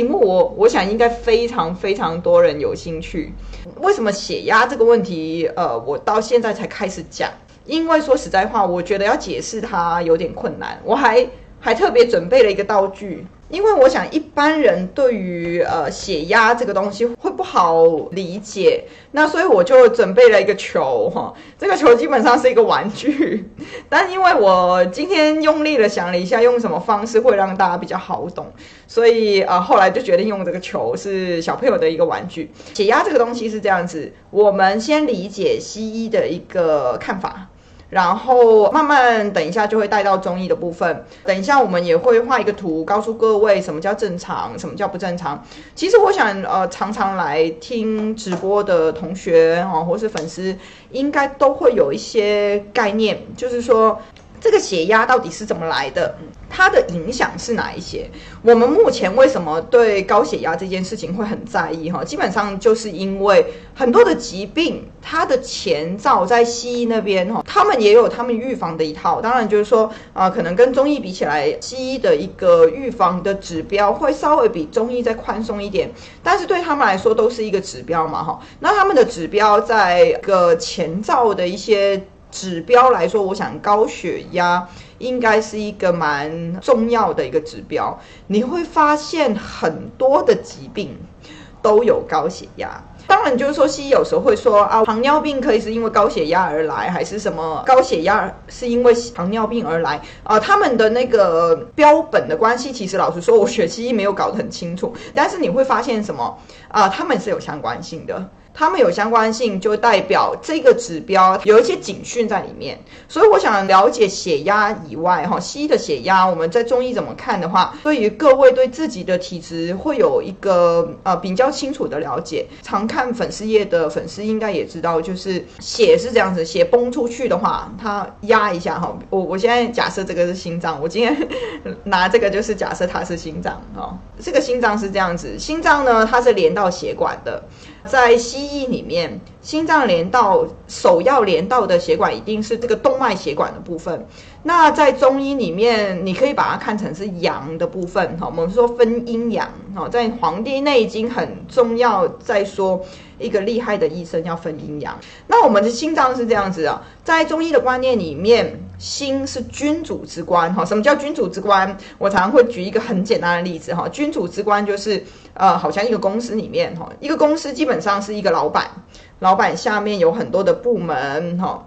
題目我我想應該非常非常多人有興趣。為什麼血壓這個問題，呃，我到現在才開始講，因為說實在話，我覺得要解釋它有點困難。我還還特別準備了一個道具。因為我想一般人對於呃血壓這個東西會不好理解，那所以我就準備了一個球哈，這個球基本上是一個玩具，但因為我今天用力的想了一下，用什麼方式會讓大家比較好懂，所以呃後來就決定用這個球是小朋友的一個玩具。血壓這個東西是這樣子，我們先理解西醫的一個看法。然後慢慢等一下就會帶到中醫的部分。等一下我們也會畫一個圖，告訴各位什麼叫正常，什麼叫不正常。其實我想，呃，常常來聽直播的同學啊、哦、或是粉絲，應該都會有一些概念，就是說。這個血壓到底是怎麼來的？它的影響是哪一些？我們目前為什麼對高血壓這件事情會很在意？哈，基本上就是因為很多的疾病，它的前兆在西醫那邊，哈，他們也有他們預防的一套。當然就是說，啊、呃，可能跟中醫比起來，西醫的一個預防的指標會稍微比中醫再寬鬆一點，但是對他們來說都是一個指標嘛，哈。那他們的指標在一個前兆的一些指標來說，我想高血壓應該是一個蠻重要的一個指標。你會發現很多的疾病都有高血壓。當然，就是說西醫有時候會說啊，糖尿病可以是因為高血壓而來，還是什麼高血壓是因為糖尿病而來？啊，他們的那個標本的關係，其實老實說，我學西醫沒有搞得很清楚。但是你會發現什麼？啊，他們是有相關性的。他們有相關性，就代表這個指標有一些警訊在裡面。所以我想了解血壓以外，哈，西醫的血壓，我們在中醫怎麼看的話，對於各位對自己的體質會有一個呃比較清楚的了解。常看粉絲頁的粉絲應該也知道，就是血是這樣子，血崩出去的話，它壓一下哈、哦。我我現在假設這個是心臟，我今天拿這個就是假設它是心臟啊、哦。這個心臟是這樣子，心臟呢，它是連到血管的。在西醫裡面，心臟連到首要連到的血管一定是這個動脈血管的部分。那在中醫裡面，你可以把它看成是陽的部分哈。我們說分陰陽哈，在《黃帝內經》很重要，在說一個厲害的醫生要分陰陽。那我們的心臟是這樣子啊，在中醫的觀念裡面，心是君主之官哈。什麼叫君主之官？我常常會舉一個很簡單的例子哈，君主之官就是呃，好像一個公司裡面哈，一個公司基本上是一個老闆，老闆下面有很多的部門哈。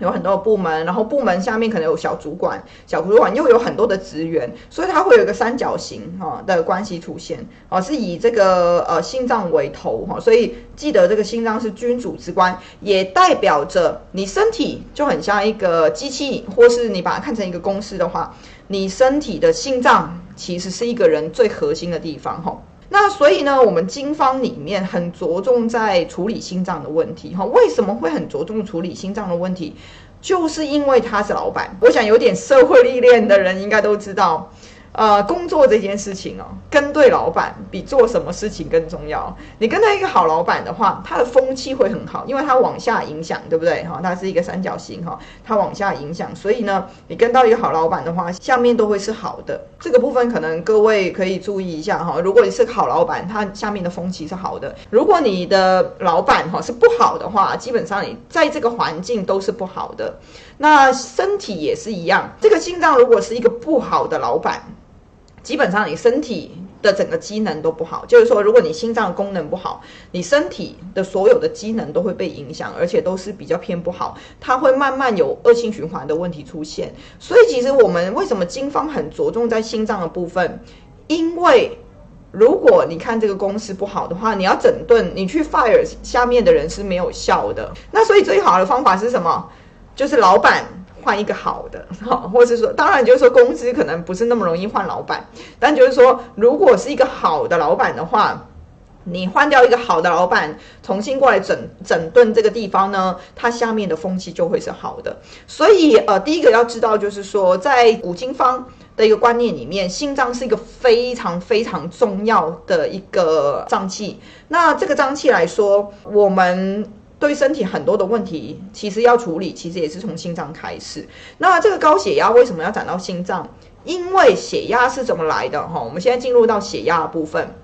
有很多部門，然後部門下面可能有小主管，小主管又有很多的職員，所以它會有一個三角形哈的關係出現啊，是以這個呃心臟為頭哈，所以記得這個心臟是君主之官，也代表着你身體就很像一個機器，或是你把它看成一個公司的話，你身體的心臟其實是一個人最核心的地方哈。那所以呢，我們經方裡面很着重在處理心臟的問題，哈，為什麼會很着重處理心臟的問題？就是因為他是老闆，我想有點社會歷練的人應該都知道，呃，工作這件事情哦。跟對老闆比做什麼事情更重要。你跟他一個好老闆的話，他的風氣會很好，因為他往下影響，對不對？哈，他是一個三角形，哈，他往下影響，所以呢，你跟到一個好老闆的話，下面都會是好的。這個部分可能各位可以注意一下，哈，如果你是個好老闆，他下面的風氣是好的；如果你的老闆哈是不好的話，基本上你在這個環境都是不好的。那身體也是一樣，這個心臟如果是一個不好的老闆。基本上你身體的整個機能都不好，就是說，如果你心臟功能不好，你身體的所有的機能都會被影響，而且都是比較偏不好，它會慢慢有惡性循環的問題出現。所以，其實我們為什麼經方很着重在心臟的部分？因為如果你看這個公司不好的話，你要整頓，你去 fire 下面的人是沒有效的。那所以最好的方法是什麼？就是老闆。換一個好的，哈，或是說，當然就是說，公司可能不是那麼容易換老闆，但就是說，如果是一個好的老闆的話，你換掉一個好的老闆，重新過來整整頓這個地方呢，它下面的風氣就會是好的。所以，呃，第一個要知道就是說，在古經方的一個觀念裡面，心臟是一個非常非常重要的一個臟器。那這個臟器來說，我們。對身體很多的問題，其實要處理，其實也是從心臟開始。那這個高血壓為什麼要長到心臟？因為血壓是怎麼來的哈？我們現在進入到血壓的部分。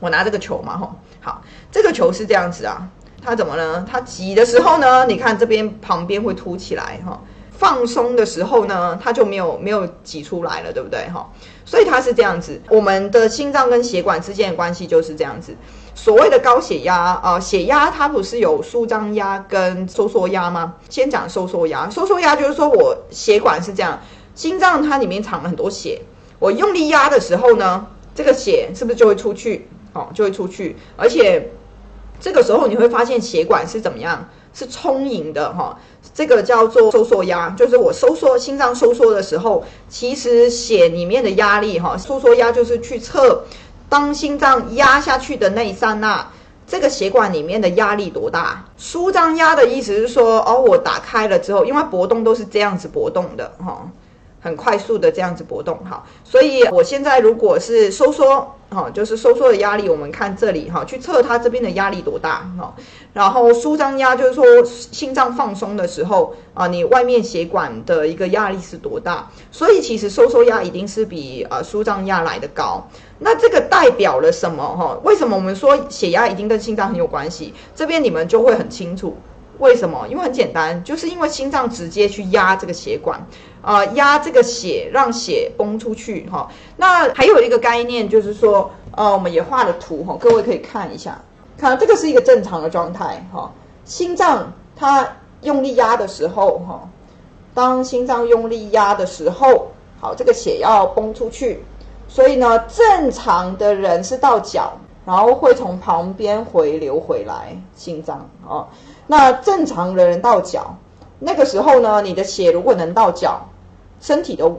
我拿這個球嘛哈，好，這個球是這樣子啊，它怎麼呢？它擠的時候呢，你看這邊旁邊會凸起來哈。放鬆的時候呢，它就沒有沒有擠出來了，對不對哈、哦？所以它是這樣子。我們的心臟跟血管之間的關係就是這樣子。所謂的高血壓啊、呃，血壓它不是有舒張壓跟收縮壓嗎？先講收縮壓，收縮壓就是說我血管是這樣，心臟它裡面藏了很多血，我用力壓的時候呢，這個血是不是就會出去？哦，就會出去，而且。這個時候你會發現血管是怎麼樣？是充盈的哈。這個叫做收縮壓，就是我收縮心臟收縮的時候，其實血裡面的壓力哈，收縮壓就是去測當心臟壓下去的那一剎那，這個血管裡面的壓力多大？舒張壓的意思是說，哦，我打開了之後，因為搏動都是這樣子搏動的哈。很快速的這樣子搏動哈，所以我現在如果是收縮哈、哦，就是收縮的壓力，我們看這裡哈、哦，去測它這邊的壓力多大哈、哦，然後舒張壓就是說心臟放鬆的時候啊、呃，你外面血管的一個壓力是多大，所以其實收縮壓一定是比呃舒張壓來得高，那這個代表了什麼哈、哦？為什麼我們說血壓一定跟心臟很有關係？這邊你們就會很清楚。為什麼？因為很簡單，就是因為心臟直接去壓這個血管，呃，壓這個血，讓血崩出去哈。那還有一個概念就是說，呃，我們也畫了圖哈，各位可以看一下，看這個是一個正常的狀態哈。心臟它用力壓的時候哈，當心臟用力壓的時候，好，這個血要崩出去，所以呢，正常的人是到腳，然後會從旁邊回流回來，心臟哦。那正常人到腳，那個時候呢，你的血如果能到腳，身體的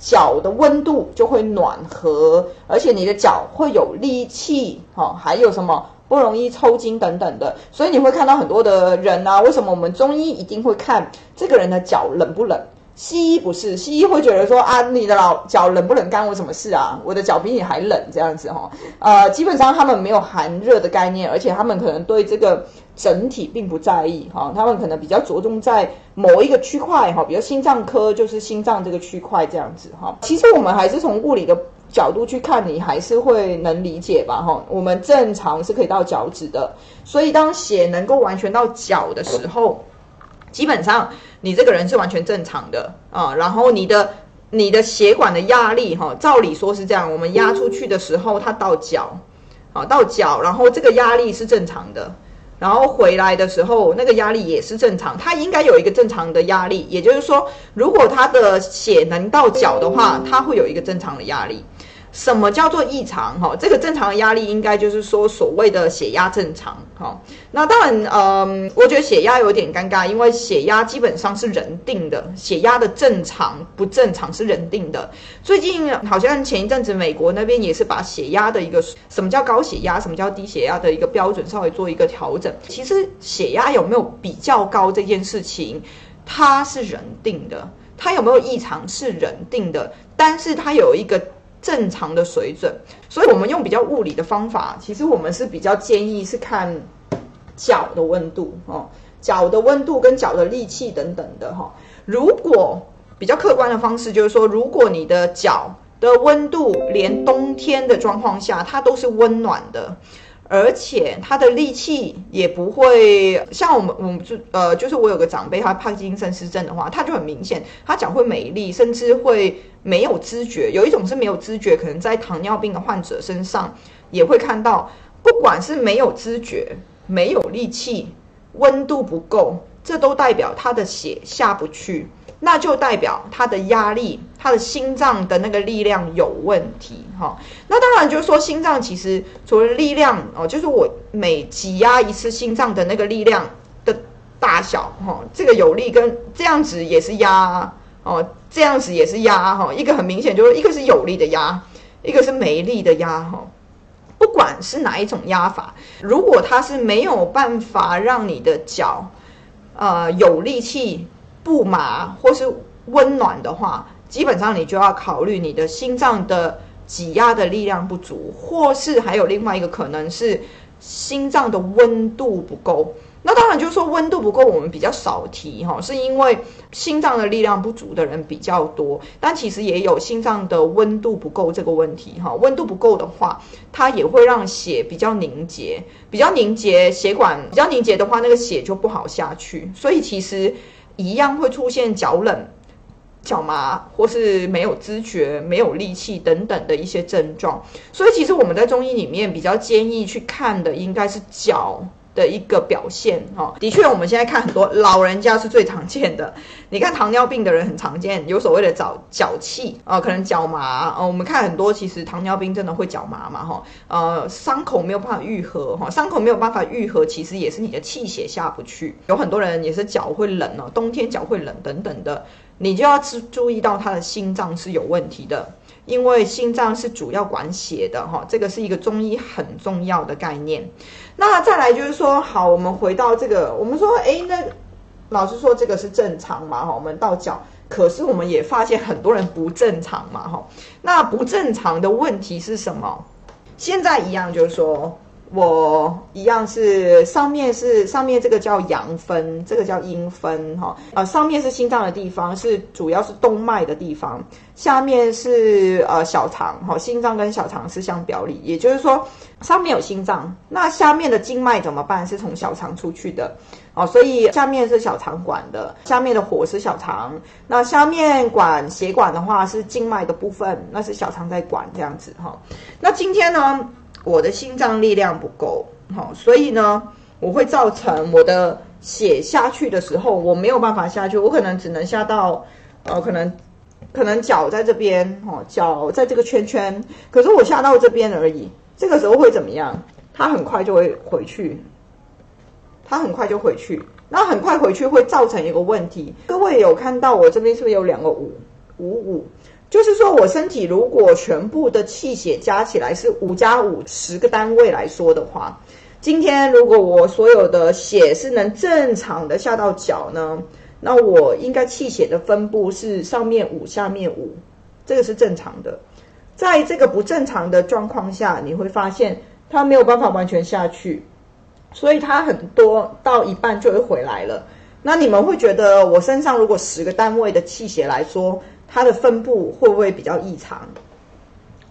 腳的溫度就會暖和，而且你的腳會有力氣，哈、哦，還有什麼不容易抽筋等等的。所以你會看到很多的人啊，為什麼我們中醫一定會看這個人的腳冷不冷？西醫不是，西醫會覺得說啊，你的老腳冷不冷干我什麼事啊？我的腳比你還冷這樣子齁。呃，基本上他們沒有寒熱的概念，而且他們可能對這個整體並不在意齁。他們可能比較着重在某一個區塊齁，比如說心臟科就是心臟這個區塊這樣子齁。其實我們還是從物理的角度去看，你還是會能理解吧齁。我們正常是可以到腳趾的，所以當血能夠完全到腳的時候。基本上你這個人是完全正常的啊，然後你的你的血管的壓力哈、啊，照理說是這樣，我們壓出去的時候，它到腳，啊到腳，然後這個壓力是正常的，然後回來的時候那個壓力也是正常，它應該有一個正常的壓力，也就是說，如果它的血能到腳的話，它會有一個正常的壓力。什麼叫做異常？哈、哦，這個正常的壓力應該就是說所謂的血壓正常。哈、哦，那當然，嗯，我覺得血壓有點尷尬，因為血壓基本上是人定的，血壓的正常不正常是人定的。最近好像前一陣子美國那邊也是把血壓的一個什麼叫高血壓，什麼叫低血壓的一個標準稍微做一個調整。其實血壓有沒有比較高這件事情，它是人定的，它有沒有異常是人定的，但是它有一個。正常的水準，所以我們用比較物理的方法，其實我們是比較建議是看腳的溫度哦，腳的溫度跟腳的力氣等等的哈、哦。如果比較客觀的方式，就是說，如果你的腳的溫度連冬天的狀況下，它都是溫暖的。而且他的力氣也不會像我們，我們就呃，就是我有個長輩，他帕金森氏症的話，他就很明顯，他腳會沒力，甚至會沒有知覺。有一種是沒有知覺，可能在糖尿病的患者身上也會看到。不管是沒有知覺、沒有力氣、溫度不夠，這都代表他的血下不去。那就代表他的壓力，他的心臟的那個力量有問題哈、哦。那當然就是說心臟其實除了力量哦，就是我每擠壓一次心臟的那個力量的大小哈、哦，這個有力跟這樣子也是壓哦，這樣子也是壓哈、哦。一個很明顯就是，一個是有力的壓，一個是沒力的壓哈、哦。不管是哪一種壓法，如果他是沒有辦法讓你的腳呃有力氣。不麻、或是溫暖的話，基本上你就要考慮你的心臟的擠壓的力量不足，或是還有另外一個可能是心臟的溫度不夠。那當然就是說溫度不夠，我們比較少提哈、哦，是因為心臟的力量不足的人比較多，但其實也有心臟的溫度不夠這個問題哈、哦。溫度不夠的話，它也會讓血比較凝結，比較凝結，血管比較凝結的話，那個血就不好下去，所以其實。一樣會出現腳冷、腳麻或是沒有知覺、沒有力氣等等的一些症狀，所以其實我們在中醫裡面比較建議去看的應該是腳。的一個表現哈，的確，我們現在看很多老人家是最常見的。你看糖尿病的人很常見，有所謂的腳腳氣啊，可能腳麻哦。我們看很多，其實糖尿病真的會腳麻嘛哈，呃，傷口沒有辦法愈合哈，傷口沒有辦法愈合，愈合其實也是你的氣血下不去。有很多人也是腳會冷哦，冬天腳會冷等等的，你就要注注意到他的心臟是有問題的。因為心臟是主要管血的哈，這個是一個中醫很重要的概念。那再來就是說，好，我們回到這個，我們說，誒，那老師說，這個是正常嘛哈？我們到腳，可是我們也發現很多人不正常嘛哈。那不正常的問題是什麼？現在一樣就是說。我一樣是上面，是上面這個叫陽分，這個叫陰分哈、哦、呃，上面是心臟的地方，是主要是動脈的地方，下面是呃小腸哈、哦，心臟跟小腸是相表裡，也就是說上面有心臟，那下面的靜脈怎麼辦？是從小腸出去的哦，所以下面是小腸管的，下面的火是小腸，那下面管血管的話是靜脈的部分，那是小腸在管這樣子哈、哦，那今天呢，我的心臟力量不夠，好、哦，所以呢，我會造成我的血下去的時候，我沒有辦法下去，我可能只能下到，呃，可能，可能腳在這邊，哦，腳在這個圈圈，可是我下到這邊而已。這個時候會怎麼樣？它很快就會回去，它很快就回去。那很快回去會造成一個問題。各位有看到我這邊是不是有兩個五五五？就是說，我身體如果全部的氣血加起來是五加五，十個單位來說的話，今天如果我所有的血是能正常的下到腳呢，那我應該氣血的分布是上面五，下面五，這個是正常的。在這個不正常的狀況下，你會發現它沒有辦法完全下去，所以它很多到一半就會回來了。那你們會覺得我身上如果十個單位的氣血來說，它的分佈會不會比較異常？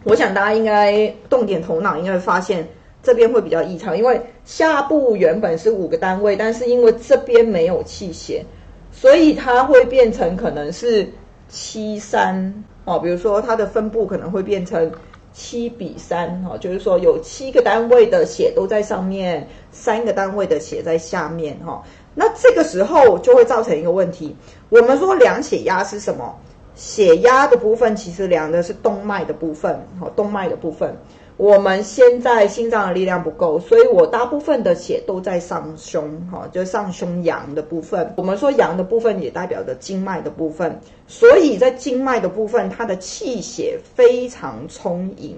我想大家應該動點頭腦，應該會發現這邊會比較異常，因為下部原本是五個單位，但是因為這邊沒有氣血，所以它會變成可能是七三哦。比如說它的分佈可能會變成七比三哦，就是說有七個單位的血都在上面，三個單位的血在下面哈、哦。那這個時候就會造成一個問題：我們說量血壓是什麼？血壓的部分其實量的是動脈的部分，哈、哦，動脈的部分，我們現在心臟的力量不夠，所以我大部分的血都在上胸，哈、哦，就上胸陽的部分。我們說陽的部分也代表着經脈的部分，所以在經脈的部分，它的氣血非常充盈，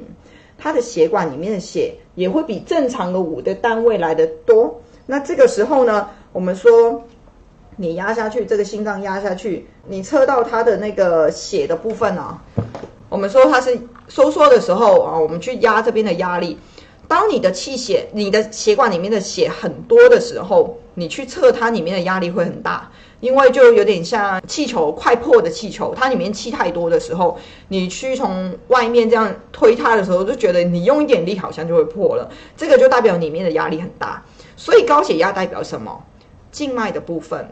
它的血管裡面的血也會比正常的五的單位來得多。那這個時候呢，我們說。你壓下去，這個心臟壓下去，你測到它的那個血的部分啊，我們說它是收縮的時候啊，我們去壓這邊的壓力。當你的氣血、你的血管裡面的血很多的時候，你去測它裡面的壓力會很大，因為就有點像氣球快破的氣球，它裡面氣太多的時候，你去從外面這樣推它的時候，就覺得你用一點力好像就會破了。這個就代表裡面的壓力很大。所以高血壓代表什麼？靜脈的部分。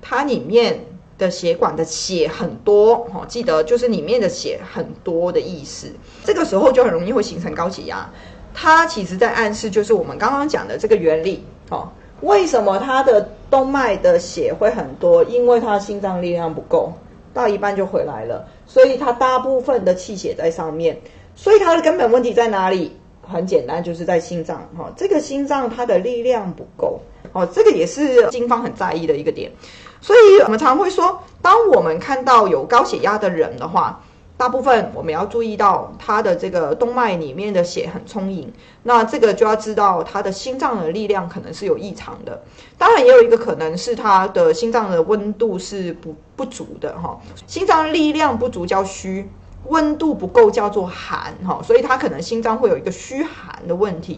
它裡面的血管的血很多哦，記得就是裡面的血很多的意思。這個時候就很容易會形成高血壓。它其實在暗示就是我們剛剛講的這個原理哦。為什麼他的動脈的血會很多？因為他心臟力量不夠，到一半就回來了，所以他大部分的氣血在上面。所以它的根本問題在哪裡？很簡單，就是在心臟哈。這個心臟它的力量不夠。哦，這個也是經方很在意的一個點，所以我們常常會說，當我們看到有高血壓的人的話，大部分我們要注意到他的這個動脈裡面的血很充盈，那這個就要知道他的心臟的力量可能是有異常的，當然也有一個可能是他的心臟的溫度是不不足的哈、哦，心臟力量不足叫虛，溫度不夠叫做寒哈、哦，所以他可能心臟會有一個虛寒的問題。